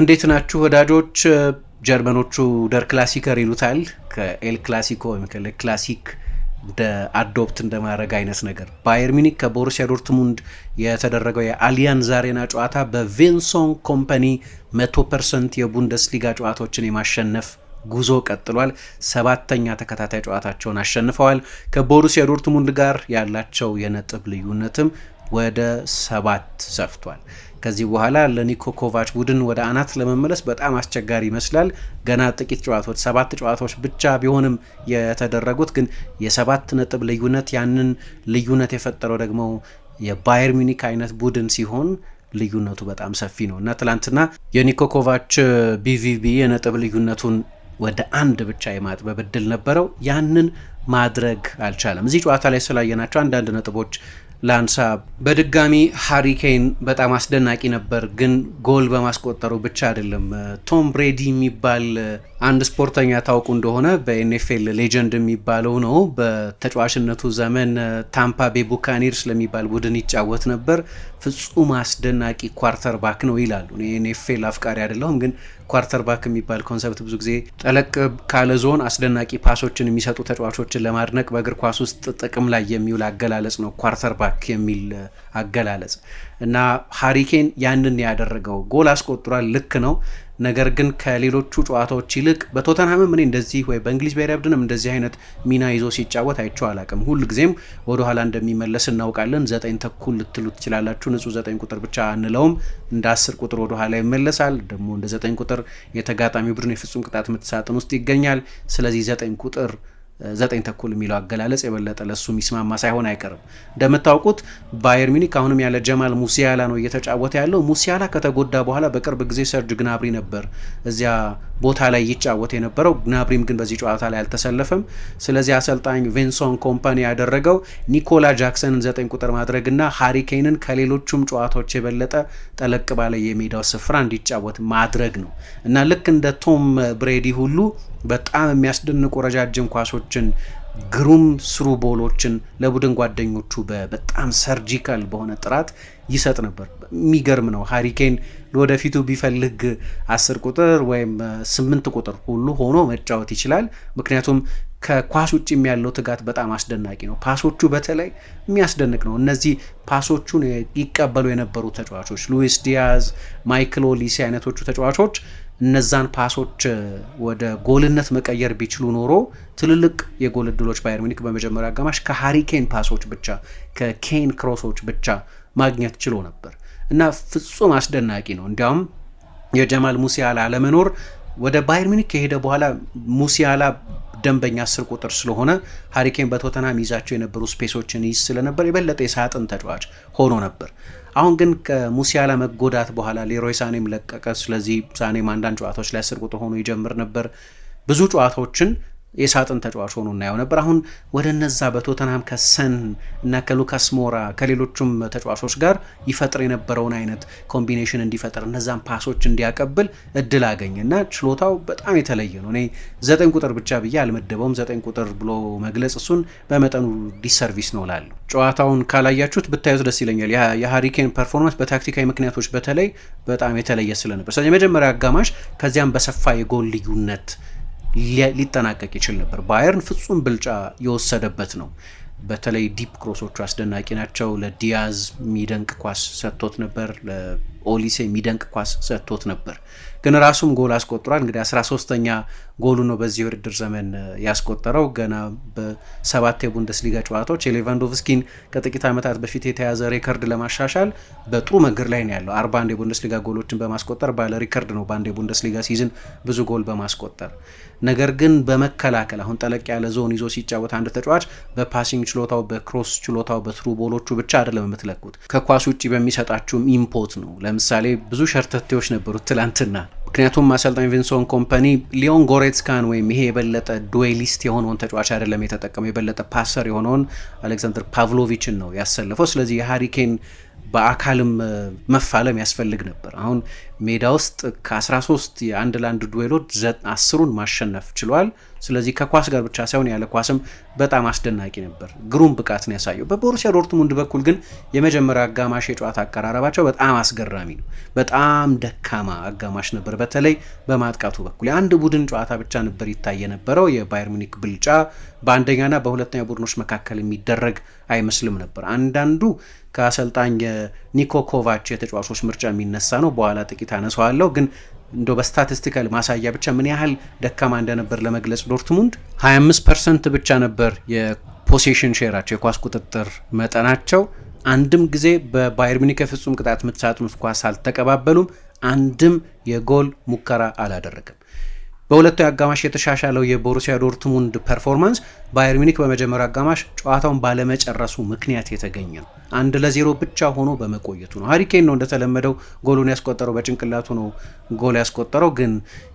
እንዴት ናችሁ ወዳጆች? ጀርመኖቹ ደር ክላሲከር ይሉታል። ከኤል ክላሲኮ ወይም ክላሲክ እንደ አዶፕት እንደማድረግ አይነት ነገር። ባየር ሚኒክ ከቦሩሲያ ዶርትሙንድ የተደረገው የአሊያንዝ አሬና ጨዋታ በቬንሶን ኮምፓኒ 100 ፐርሰንት የቡንደስሊጋ ጨዋታዎችን የማሸነፍ ጉዞ ቀጥሏል። ሰባተኛ ተከታታይ ጨዋታቸውን አሸንፈዋል። ከቦሩሲያ ዶርትሙንድ ጋር ያላቸው የነጥብ ልዩነትም ወደ ሰባት ሰፍቷል። ከዚህ በኋላ ለኒኮ ኮቫች ቡድን ወደ አናት ለመመለስ በጣም አስቸጋሪ ይመስላል። ገና ጥቂት ጨዋታዎች ሰባት ጨዋታዎች ብቻ ቢሆንም የተደረጉት ግን የሰባት ነጥብ ልዩነት ያንን ልዩነት የፈጠረው ደግሞ የባየር ሚኒክ አይነት ቡድን ሲሆን ልዩነቱ በጣም ሰፊ ነው እና ትላንትና የኒኮ ኮቫች ቢቪቢ የነጥብ ልዩነቱን ወደ አንድ ብቻ የማጥበብ እድል ነበረው። ያንን ማድረግ አልቻለም። እዚህ ጨዋታ ላይ ስላየናቸው አንዳንድ ነጥቦች ላንሳ። በድጋሚ ሃሪኬን በጣም አስደናቂ ነበር፣ ግን ጎል በማስቆጠሩ ብቻ አይደለም። ቶም ብሬዲ የሚባል አንድ ስፖርተኛ ታውቁ እንደሆነ በኤንኤፍኤል ሌጀንድ የሚባለው ነው። በተጫዋችነቱ ዘመን ታምፓ ቤ ቡካኔርስ ለሚባል ቡድን ይጫወት ነበር። ፍጹም አስደናቂ ኳርተርባክ ነው ይላሉ። እኔ አፍቃሪ አይደለሁም፣ ግን ኳርተርባክ የሚባል ኮንሰፕት ብዙ ጊዜ ጠለቅ ካለ ዞን አስደናቂ ፓሶችን የሚሰጡ ተጫዋቾችን ለማድነቅ በእግር ኳስ ውስጥ ጥቅም ላይ የሚውል አገላለጽ ነው ኳርተርባክ የሚል አገላለጽ እና ሀሪኬን ያንን ያደረገው ጎል አስቆጥሯል። ልክ ነው። ነገር ግን ከሌሎቹ ጨዋታዎች ይልቅ በቶተንሃምም እኔ እንደዚህ ወይ በእንግሊዝ ብሔራዊ ቡድንም እንደዚህ አይነት ሚና ይዞ ሲጫወት አይቼው አላቅም። ሁልጊዜም ወደ ኋላ እንደሚመለስ እናውቃለን። ዘጠኝ ተኩል ልትሉ ትችላላችሁ። ንጹህ ዘጠኝ ቁጥር ብቻ አንለውም። እንደ አስር ቁጥር ወደ ኋላ ይመለሳል። ደግሞ እንደ ዘጠኝ ቁጥር የተጋጣሚ ቡድን የፍጹም ቅጣት ምት ሳጥን ውስጥ ይገኛል። ስለዚህ ዘጠኝ ቁጥር ዘጠኝ ተኩል የሚለው አገላለጽ የበለጠ ለሱ የሚስማማ ሳይሆን አይቀርም። እንደምታውቁት ባየር ሚኒክ አሁንም ያለ ጀማል ሙሲያላ ነው እየተጫወተ ያለው። ሙሲያላ ከተጎዳ በኋላ በቅርብ ጊዜ ሰርጅ ግናብሪ ነበር እዚያ ቦታ ላይ ይጫወት የነበረው። ግናብሪም ግን በዚህ ጨዋታ ላይ አልተሰለፈም። ስለዚህ አሰልጣኝ ቬንሶን ኮምፓኒ ያደረገው ኒኮላ ጃክሰንን ዘጠኝ ቁጥር ማድረግና ሃሪኬንን ከሌሎቹም ጨዋታዎች የበለጠ ጠለቅ ባለ የሜዳው ስፍራ እንዲጫወት ማድረግ ነው እና ልክ እንደ ቶም ብሬዲ ሁሉ በጣም የሚያስደንቁ ረጃጅም ኳሶችን ግሩም ስሩ ቦሎችን ለቡድን ጓደኞቹ በጣም ሰርጂካል በሆነ ጥራት ይሰጥ ነበር። የሚገርም ነው። ሀሪኬን ለወደፊቱ ቢፈልግ አስር ቁጥር ወይም ስምንት ቁጥር ሁሉ ሆኖ መጫወት ይችላል። ምክንያቱም ከኳስ ውጭም ያለው ትጋት በጣም አስደናቂ ነው። ፓሶቹ በተለይ የሚያስደንቅ ነው። እነዚህ ፓሶቹን ይቀበሉ የነበሩ ተጫዋቾች ሉዊስ ዲያዝ፣ ማይክል ኦሊሲ አይነቶቹ ተጫዋቾች እነዛን ፓሶች ወደ ጎልነት መቀየር ቢችሉ ኖሮ ትልልቅ የጎል እድሎች ባየር ሚኒክ በመጀመሪያ አጋማሽ ከሃሪኬን ፓሶች ብቻ ከኬን ክሮሶች ብቻ ማግኘት ችሎ ነበር እና ፍጹም አስደናቂ ነው። እንዲያውም የጀማል ሙሲያላ አለመኖር ወደ ባየር ሚኒክ ከሄደ በኋላ ሙሲያላ ደንበኛ አስር ቁጥር ስለሆነ ሃሪኬን በቶተናም ይዛቸው የነበሩ ስፔሶችን ይዝ ስለነበር የበለጠ የሳጥን ተጫዋች ሆኖ ነበር። አሁን ግን ከሙሲያላ መጎዳት በኋላ ሌሮይ ሳኔም ለቀቀ። ስለዚህ ሳኔም አንዳንድ ጨዋታዎች ላይ አስር ቁጥር ሆኖ ይጀምር ነበር። ብዙ ጨዋታዎችን የሳጥን ተጫዋች ሆኖ እናየው ነበር። አሁን ወደ እነዛ በቶተንሃም ከሰን እና ከሉካስ ሞራ ከሌሎቹም ተጫዋቾች ጋር ይፈጥር የነበረውን አይነት ኮምቢኔሽን እንዲፈጥር እነዛን ፓሶች እንዲያቀብል እድል አገኝ እና ችሎታው በጣም የተለየ ነው። እኔ ዘጠኝ ቁጥር ብቻ ብዬ አልመደበውም። ዘጠኝ ቁጥር ብሎ መግለጽ እሱን በመጠኑ ዲሰርቪስ ነው ላለሁ። ጨዋታውን ካላያችሁት ብታዩት ደስ ይለኛል። የሃሪኬን ፐርፎርማንስ በታክቲካዊ ምክንያቶች በተለይ በጣም የተለየ ስለነበር የመጀመሪያ አጋማሽ ከዚያም በሰፋ የጎል ልዩነት ሊጠናቀቅ ይችል ነበር። ባየርን ፍጹም ብልጫ የወሰደበት ነው። በተለይ ዲፕ ክሮሶቹ አስደናቂ ናቸው። ለዲያዝ የሚደንቅ ኳስ ሰጥቶት ነበር። ለኦሊሴ የሚደንቅ ኳስ ሰጥቶት ነበር፣ ግን ራሱም ጎል አስቆጥሯል። እንግዲህ 13ተኛ ጎሉ ነው በዚህ የውድድር ዘመን ያስቆጠረው። ገና በሰባት የቡንደስሊጋ ጨዋታዎች የሌቫንዶቭስኪን ከጥቂት ዓመታት በፊት የተያዘ ሪከርድ ለማሻሻል በጥሩ መንገድ ላይ ነው ያለው። አርባ አንድ የቡንደስሊጋ ጎሎችን በማስቆጠር ባለ ሪከርድ ነው በአንድ የቡንደስሊጋ ሲዝን ብዙ ጎል በማስቆጠር ነገር ግን በመከላከል አሁን ጠለቅ ያለ ዞን ይዞ ሲጫወት አንድ ተጫዋች በፓሲንግ ችሎታው፣ በክሮስ ችሎታው፣ በትሩ ቦሎቹ ብቻ አይደለም የምትለኩት ከኳስ ውጭ በሚሰጣችሁም ኢምፖት ነው። ለምሳሌ ብዙ ሸርተቴዎች ነበሩት ትላንትና ምክንያቱም አሰልጣኝ ቪንሶን ኮምፓኒ ሊዮን ጎሬትስካን ወይም ይሄ የበለጠ ዱዌሊስት የሆነውን ተጫዋች አይደለም የተጠቀመው፣ የበለጠ ፓሰር የሆነውን አሌክዛንደር ፓቭሎቪችን ነው ያሰለፈው። ስለዚህ የሃሪኬን በአካልም መፋለም ያስፈልግ ነበር። አሁን ሜዳ ውስጥ ከ13 የአንድ ለአንድ ዱዌሎች አስሩን ማሸነፍ ችሏል። ስለዚህ ከኳስ ጋር ብቻ ሳይሆን ያለ ኳስም በጣም አስደናቂ ነበር። ግሩም ብቃትን ያሳየው። በቦሩሲያ ዶርትሙንድ በኩል ግን የመጀመሪያ አጋማሽ የጨዋታ አቀራረባቸው በጣም አስገራሚ ነው። በጣም ደካማ አጋማሽ ነበር፣ በተለይ በማጥቃቱ በኩል የአንድ ቡድን ጨዋታ ብቻ ነበር ይታይ የነበረው። የባየር ሚኒክ ብልጫ በአንደኛና በሁለተኛ ቡድኖች መካከል የሚደረግ አይመስልም ነበር። አንዳንዱ ከአሰልጣኝ የኒኮ ኮቫች የተጫዋቾች ምርጫ የሚነሳ ነው። በኋላ ጥቂት ጥቂት አነሳዋለሁ ግን እንደ በስታቲስቲካል ማሳያ ብቻ ምን ያህል ደካማ እንደነበር ለመግለጽ ዶርትሙንድ 25 ፐርሰንት ብቻ ነበር የፖሴሽን ሼራቸው የኳስ ቁጥጥር መጠናቸው። አንድም ጊዜ በባየር ሚኒክ የፍጹም ቅጣት ምት ሳጥን ኳስ አልተቀባበሉም። አንድም የጎል ሙከራ አላደረገም። በሁለቱ አጋማሽ የተሻሻለው የቦሩሲያ ዶርትሙንድ ፐርፎርማንስ ባየር ሚኒክ በመጀመሪያው አጋማሽ ጨዋታውን ባለመጨረሱ ምክንያት የተገኘ ነው። አንድ ለዜሮ ብቻ ሆኖ በመቆየቱ ነው። ሀሪኬን ነው እንደተለመደው ጎሉን ያስቆጠረው፣ በጭንቅላቱ ነው ጎል ያስቆጠረው። ግን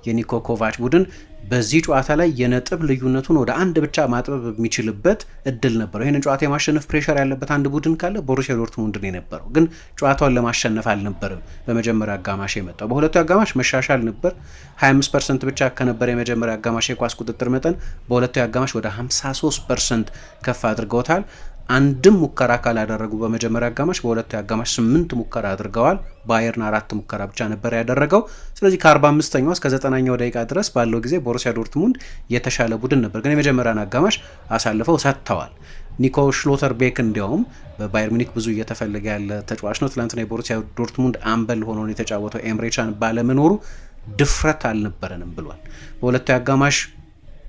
የኒኮ ኮቫች ቡድን በዚህ ጨዋታ ላይ የነጥብ ልዩነቱን ወደ አንድ ብቻ ማጥበብ የሚችልበት እድል ነበረው። ይህንን ጨዋታ የማሸነፍ ፕሬሸር ያለበት አንድ ቡድን ካለ ቦሩሲያ ዶርትሙንድ ነው የነበረው። ግን ጨዋታውን ለማሸነፍ አልነበርም በመጀመሪያ አጋማሽ የመጣው። በሁለቱ አጋማሽ መሻሻል ነበር። 25 ፐርሰንት ብቻ ከነበረ የመጀመሪያ አጋማሽ የኳስ ቁጥጥር መጠን በሁለቱ አጋማሽ ወደ 63 ፐርሰንት ከፍ አድርገውታል። አንድም ሙከራ ካላደረጉ በመጀመሪያ አጋማሽ፣ በሁለቱ አጋማሽ ስምንት ሙከራ አድርገዋል። ባየርን አራት ሙከራ ብቻ ነበር ያደረገው። ስለዚህ ከ45ኛው እስከ 90ኛው ደቂቃ ድረስ ባለው ጊዜ ቦሩሲያ ዶርትሙንድ የተሻለ ቡድን ነበር፣ ግን የመጀመሪያን አጋማሽ አሳልፈው ሰጥተዋል። ኒኮ ሽሎተር ቤክ እንዲያውም በባየር ሚኒክ ብዙ እየተፈለገ ያለ ተጫዋች ነው። ትላንትና የቦሩሲያ ዶርትሙንድ አምበል ሆኖ የተጫወተው ኤምሬቻን ባለመኖሩ ድፍረት አልነበረንም ብሏል። በሁለቱ አጋማሽ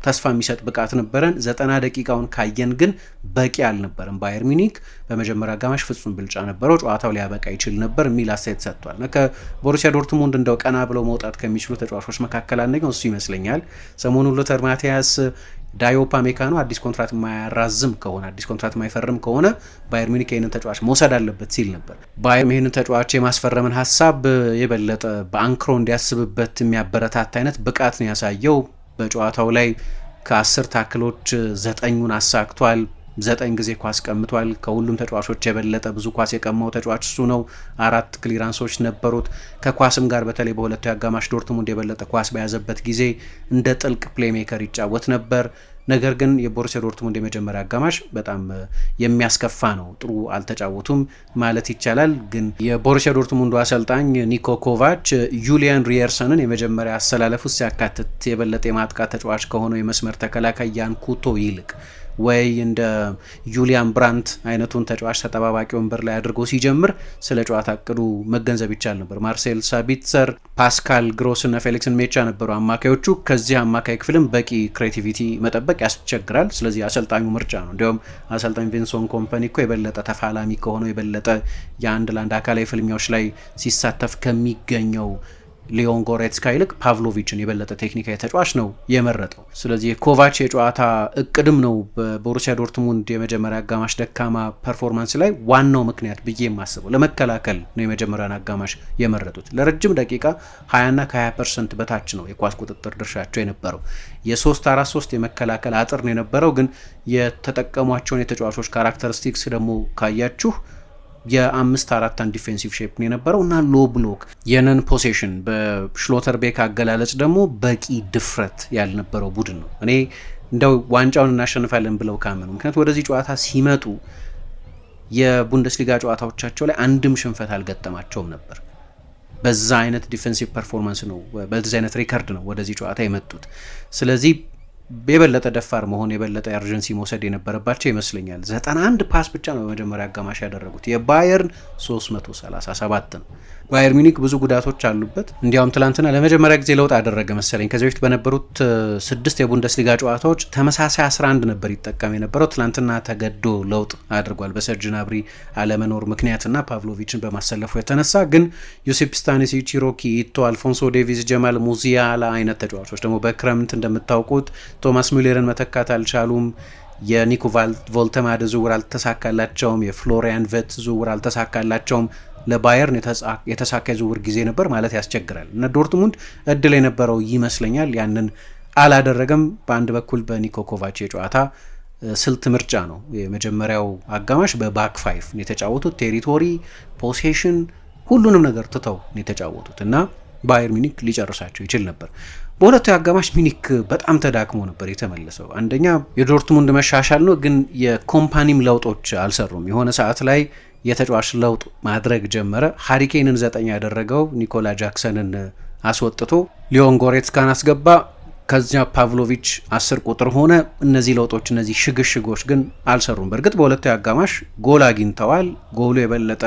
ተስፋ የሚሰጥ ብቃት ነበረን። ዘጠና ደቂቃውን ካየን ግን በቂ አልነበረም። ባየር ሚኒክ በመጀመሪያ አጋማሽ ፍጹም ብልጫ ነበረው፣ ጨዋታው ሊያበቃ ይችል ነበር የሚል አስተያየት ሰጥቷል። እና ከቦሩሲያ ዶርትሙንድ እንደው ቀና ብለው መውጣት ከሚችሉ ተጫዋቾች መካከል አንደኛው እሱ ይመስለኛል። ሰሞኑን ሉተር ማቲያስ ዳዮፓ ሜካኖ አዲስ ኮንትራት የማያራዝም ከሆነ አዲስ ኮንትራት የማይፈርም ከሆነ ባየር ሚኒክ ይህንን ተጫዋች መውሰድ አለበት ሲል ነበር። ባየር ይህንን ተጫዋች የማስፈረምን ሀሳብ የበለጠ በአንክሮ እንዲያስብበት የሚያበረታታ አይነት ብቃት ነው ያሳየው። በጨዋታው ላይ ከአስር ታክሎች ዘጠኙን አሳክቷል። ዘጠኝ ጊዜ ኳስ ቀምቷል። ከሁሉም ተጫዋቾች የበለጠ ብዙ ኳስ የቀማው ተጫዋች እሱ ነው። አራት ክሊራንሶች ነበሩት። ከኳስም ጋር በተለይ በሁለቱ አጋማሽ ዶርትሙንድ የበለጠ ኳስ በያዘበት ጊዜ እንደ ጥልቅ ፕሌሜከር ይጫወት ነበር። ነገር ግን የቦሩሲያ ዶርትሙንድ የመጀመሪያ አጋማሽ በጣም የሚያስከፋ ነው። ጥሩ አልተጫወቱም ማለት ይቻላል። ግን የቦሩሲያ ዶርትሙንዱ አሰልጣኝ ኒኮ ኮቫች ዩሊያን ሪየርሰንን የመጀመሪያ አሰላለፍ ውስጥ ሲያካትት የበለጠ የማጥቃት ተጫዋች ከሆነው የመስመር ተከላካይ ያን ኩቶ ይልቅ ወይ እንደ ጁሊያን ብራንት አይነቱን ተጫዋች ተጠባባቂ ወንበር ላይ አድርጎ ሲጀምር ስለ ጨዋታ እቅዱ መገንዘብ ይቻል ነበር። ማርሴል ሳቢትሰር፣ ፓስካል ግሮስና ፌሊክስን ሜቻ ነበሩ አማካዮቹ። ከዚህ አማካይ ክፍልም በቂ ክሬቲቪቲ መጠበቅ ያስቸግራል። ስለዚህ አሰልጣኙ ምርጫ ነው። እንዲሁም አሰልጣኝ ቪንሶን ኮምፓኒ እኮ የበለጠ ተፋላሚ ከሆነው የበለጠ የአንድ ለአንድ አካላዊ ፍልሚያዎች ላይ ሲሳተፍ ከሚገኘው ሊዮን ጎሬትስካ ይልቅ ፓቭሎቪችን የበለጠ ቴክኒካዊ ተጫዋች ነው የመረጠው። ስለዚህ የኮቫች የጨዋታ እቅድም ነው በቦሩሲያ ዶርትሙንድ የመጀመሪያ አጋማሽ ደካማ ፐርፎርማንስ ላይ ዋናው ምክንያት ብዬ የማስበው ለመከላከል ነው። የመጀመሪያን አጋማሽ የመረጡት ለረጅም ደቂቃ 20ና ከ20 ፐርሰንት በታች ነው የኳስ ቁጥጥር ድርሻቸው የነበረው። 343 የመከላከል አጥር ነው የነበረው። ግን የተጠቀሟቸውን የተጫዋቾች ካራክተሪስቲክስ ደግሞ ካያችሁ የአምስት አራታን ዲፌንሲቭ ሼፕ ነው የነበረው እና ሎ ብሎክ የነን ፖሴሽን ቤክ አገላለጽ ደግሞ በቂ ድፍረት ያልነበረው ቡድን ነው። እኔ እንደው ዋንጫውን እናሸንፋለን ብለው ካመኑ ምክንያቱ ወደዚህ ጨዋታ ሲመጡ የቡንደስሊጋ ጨዋታዎቻቸው ላይ አንድም ሽንፈት አልገጠማቸውም ነበር። በዛ አይነት ዲፌንሲቭ ፐርፎርማንስ ነው በዚህ አይነት ሪከርድ ነው ወደዚህ ጨዋታ የመጡት። ስለዚህ የበለጠ ደፋር መሆን የበለጠ ኤርጀንሲ መውሰድ የነበረባቸው ይመስለኛል። 91 ፓስ ብቻ ነው በመጀመሪያ አጋማሽ ያደረጉት የባየርን 337 ነው። ባየር ሚኒክ ብዙ ጉዳቶች አሉበት። እንዲያውም ትላንትና ለመጀመሪያ ጊዜ ለውጥ አደረገ መሰለኝ። ከዚህ በፊት በነበሩት ስድስት የቡንደስሊጋ ጨዋታዎች ተመሳሳይ 11 ነበር ይጠቀም የነበረው። ትላንትና ተገዶ ለውጥ አድርጓል በሰርጅ ናብሪ አለመኖር ምክንያትና ፓቭሎቪችን በማሰለፉ የተነሳ ግን ዮሴፕ ስታኒሲች፣ ሂሮኪ ኢቶ፣ አልፎንሶ ዴቪስ፣ ጀማል ሙዚያላ አይነት ተጫዋቾች ደግሞ በክረምት እንደምታውቁት ቶማስ ሚለርን መተካት አልቻሉም። የኒኮ ቮልተማደ ዝውውር አልተሳካላቸውም። የፍሎሪያን ቨት ዝውውር አልተሳካላቸውም። ለባየርን የተሳካ ዝውውር ጊዜ ነበር ማለት ያስቸግራል። እነ ዶርትሙንድ እድል የነበረው ይመስለኛል፣ ያንን አላደረገም። በአንድ በኩል በኒኮ ኮቫች የጨዋታ ስልት ምርጫ ነው። የመጀመሪያው አጋማሽ በባክ ፋይፍ የተጫወቱት ቴሪቶሪ ፖሴሽን ሁሉንም ነገር ትተው የተጫወቱት እና ባየር ሚኒክ ሊጨርሳቸው ይችል ነበር። በሁለቱ አጋማሽ ሚኒክ በጣም ተዳክሞ ነበር የተመለሰው። አንደኛ የዶርትሙንድ መሻሻል ነው፣ ግን የኮምፓኒም ለውጦች አልሰሩም። የሆነ ሰዓት ላይ የተጫዋች ለውጥ ማድረግ ጀመረ። ሀሪኬንን ዘጠኝ ያደረገው ኒኮላ ጃክሰንን አስወጥቶ ሊዮን ጎሬትስካን አስገባ። ከዚያ ፓቭሎቪች አስር ቁጥር ሆነ። እነዚህ ለውጦች እነዚህ ሽግሽጎች ግን አልሰሩም። በእርግጥ በሁለቱ አጋማሽ ጎል አግኝተዋል። ጎሉ የበለጠ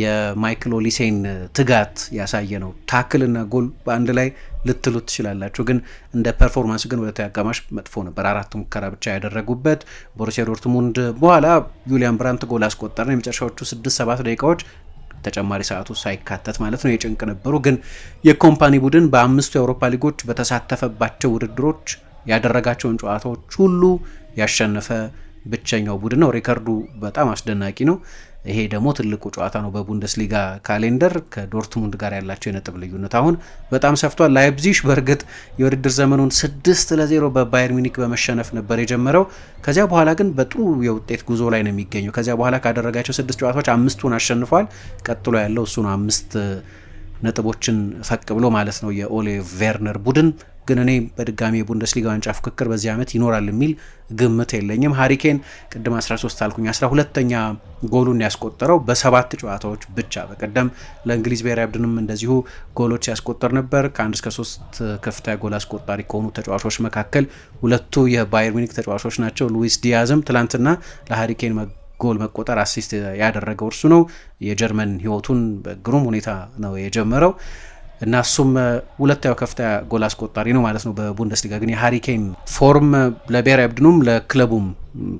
የማይክል ኦሊሴን ትጋት ያሳየ ነው። ታክልና ጎል በአንድ ላይ ልትሉት ትችላላችሁ፣ ግን እንደ ፐርፎርማንስ ግን ሁለተኛ አጋማሽ መጥፎ ነበር። አራት ሙከራ ብቻ ያደረጉበት ቦሩሲያ ዶርትሙንድ በኋላ ዩሊያን ብራንት ጎል አስቆጠረ። የመጨረሻዎቹ ስድስት ሰባት ደቂቃዎች ተጨማሪ ሰዓቱ ሳይካተት ማለት ነው የጭንቅ ነበሩ። ግን የኮምፓኒ ቡድን በአምስቱ የአውሮፓ ሊጎች በተሳተፈባቸው ውድድሮች ያደረጋቸውን ጨዋታዎች ሁሉ ያሸነፈ ብቸኛው ቡድን ነው። ሪከርዱ በጣም አስደናቂ ነው። ይሄ ደግሞ ትልቁ ጨዋታ ነው በቡንደስሊጋ ካሌንደር። ከዶርትሙንድ ጋር ያላቸው የነጥብ ልዩነት አሁን በጣም ሰፍቷል። ላይፕዚሽ በእርግጥ የውድድር ዘመኑን ስድስት ለዜሮ በባየር ሚኒክ በመሸነፍ ነበር የጀመረው። ከዚያ በኋላ ግን በጥሩ የውጤት ጉዞ ላይ ነው የሚገኘው። ከዚያ በኋላ ካደረጋቸው ስድስት ጨዋታዎች አምስቱን አሸንፏል። ቀጥሎ ያለው እሱ ነው አምስት ነጥቦችን ፈቅ ብሎ ማለት ነው የኦሌ ቬርነር ቡድን ግን እኔ በድጋሚ የቡንደስሊጋ ዋንጫ ፍክክር በዚህ ዓመት ይኖራል የሚል ግምት የለኝም። ሀሪኬን ቅድም 13 አልኩኝ፣ 12ተኛ ጎሉን ያስቆጠረው በሰባት ጨዋታዎች ብቻ። በቀደም ለእንግሊዝ ብሔራዊ ቡድንም እንደዚሁ ጎሎች ሲያስቆጠር ነበር። ከአንድ እስከ ሶስት ከፍታ ጎል አስቆጣሪ ከሆኑ ተጫዋቾች መካከል ሁለቱ የባየር ሚኒክ ተጫዋቾች ናቸው። ሉዊስ ዲያዝም ትላንትና ለሀሪኬን ጎል መቆጠር አሲስት ያደረገው እርሱ ነው። የጀርመን ህይወቱን በግሩም ሁኔታ ነው የጀመረው። እና እሱም ሁለተኛው ከፍታ ጎል አስቆጣሪ ነው ማለት ነው በቡንደስሊጋ። ግን የሀሪኬን ፎርም ለብሔራዊ ቡድኑም ለክለቡም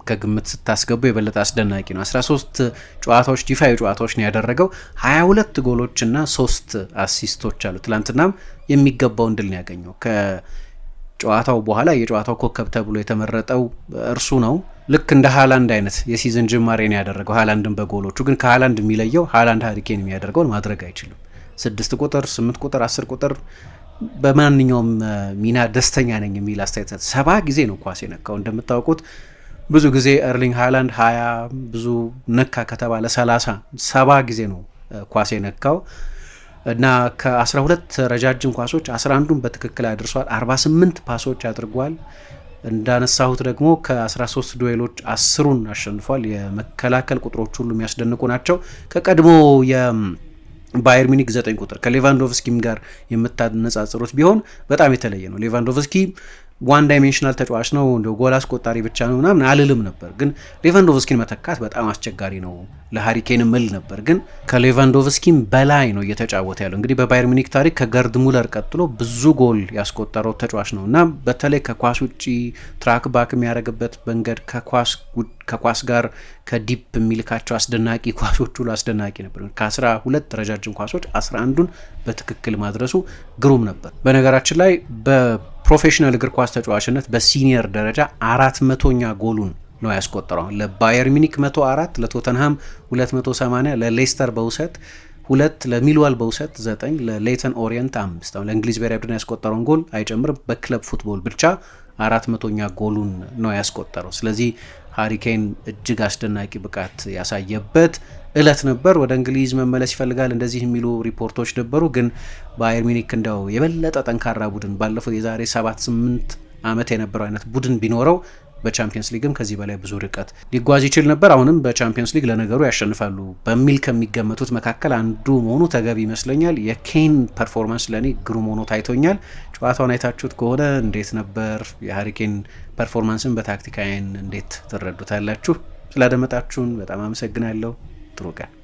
ከግምት ስታስገቡ የበለጠ አስደናቂ ነው። 13 ጨዋታዎች ዲፋዊ ጨዋታዎች ነው ያደረገው። 22 ጎሎችና 3 አሲስቶች አሉ። ትላንትናም የሚገባውን ድል ነው ያገኘው። ከጨዋታው በኋላ የጨዋታው ኮከብ ተብሎ የተመረጠው እርሱ ነው። ልክ እንደ ሃላንድ አይነት የሲዝን ጅማሬ ነው ያደረገው። ሃላንድን በጎሎቹ ግን ከሃላንድ የሚለየው ሃላንድ ሀሪኬን የሚያደርገውን ማድረግ አይችልም። ስድስት ቁጥር፣ ስምንት ቁጥር፣ አስር ቁጥር በማንኛውም ሚና ደስተኛ ነኝ የሚል አስተያየት ሰባ ጊዜ ነው ኳስ የነካው። እንደምታውቁት ብዙ ጊዜ ኤርሊንግ ሃላንድ ሀያ ብዙ ነካ ከተባለ ሰላሳ ሰባ ጊዜ ነው ኳስ የነካው እና ከ ሁለት ረጃጅም ኳሶች አስራ ዱን በትክክል አድርሷል። ስምንት ፓሶች አድርጓል። እንዳነሳሁት ደግሞ ከ13 ዱዌሎች አስሩን አሸንፏል። የመከላከል ቁጥሮች ሁሉ የሚያስደንቁ ናቸው። ከቀድሞ ባየር ሚኒክ ዘጠኝ ቁጥር ከሌቫንዶቭስኪም ጋር የምታነጻጽሩት ቢሆን በጣም የተለየ ነው። ሌቫንዶቭስኪ ዋን ዳይሜንሽናል ተጫዋች ነው እንደ ጎል አስቆጣሪ ብቻ ነው ምናምን አልልም ነበር፣ ግን ሌቫንዶቭስኪን መተካት በጣም አስቸጋሪ ነው ለሃሪኬን ምል ነበር። ግን ከሌቫንዶቭስኪን በላይ ነው እየተጫወተ ያለው። እንግዲህ በባየር ሚኒክ ታሪክ ከገርድ ሙለር ቀጥሎ ብዙ ጎል ያስቆጠረው ተጫዋች ነው እና በተለይ ከኳስ ውጭ ትራክ ባክ የሚያደርግበት መንገድ ከኳስ ጋር ከዲፕ የሚልካቸው አስደናቂ ኳሶች ሁሉ አስደናቂ ነበር። ከአስራ ሁለት ረጃጅም ኳሶች አስራ አንዱን በትክክል ማድረሱ ግሩም ነበር። በነገራችን ላይ ፕሮፌሽናል እግር ኳስ ተጫዋችነት በሲኒየር ደረጃ አራት መቶኛ ጎሉን ነው ያስቆጠረው። ለባየር ሚኒክ 104፣ ለቶተንሃም 280፣ ለሌስተር በውሰት ሁለት ለሚልዋል በውሰት ዘጠኝ ለሌተን ኦሪየንት አምስት አሁን ለእንግሊዝ ብሔራዊ ቡድን ያስቆጠረውን ጎል አይጨምርም። በክለብ ፉትቦል ብቻ አራት መቶኛ ጎሉን ነው ያስቆጠረው። ስለዚህ ሀሪኬን እጅግ አስደናቂ ብቃት ያሳየበት እለት ነበር። ወደ እንግሊዝ መመለስ ይፈልጋል እንደዚህ የሚሉ ሪፖርቶች ነበሩ። ግን ባየር ሚኒክ እንደው የበለጠ ጠንካራ ቡድን ባለፈው የዛሬ ሰባት ስምንት ዓመት የነበረው አይነት ቡድን ቢኖረው በቻምፒየንስ ሊግም ከዚህ በላይ ብዙ ርቀት ሊጓዝ ይችል ነበር። አሁንም በቻምፒየንስ ሊግ ለነገሩ ያሸንፋሉ በሚል ከሚገመቱት መካከል አንዱ መሆኑ ተገቢ ይመስለኛል። የኬን ፐርፎርማንስ ለእኔ ግሩም ሆኖ ታይቶኛል። ጨዋታውን አይታችሁት ከሆነ እንዴት ነበር? የሀሪኬን ፐርፎርማንስን በታክቲክ አይን እንዴት ትረዱታላችሁ? ስላደመጣችሁን በጣም አመሰግናለሁ። ጥሩ ቀን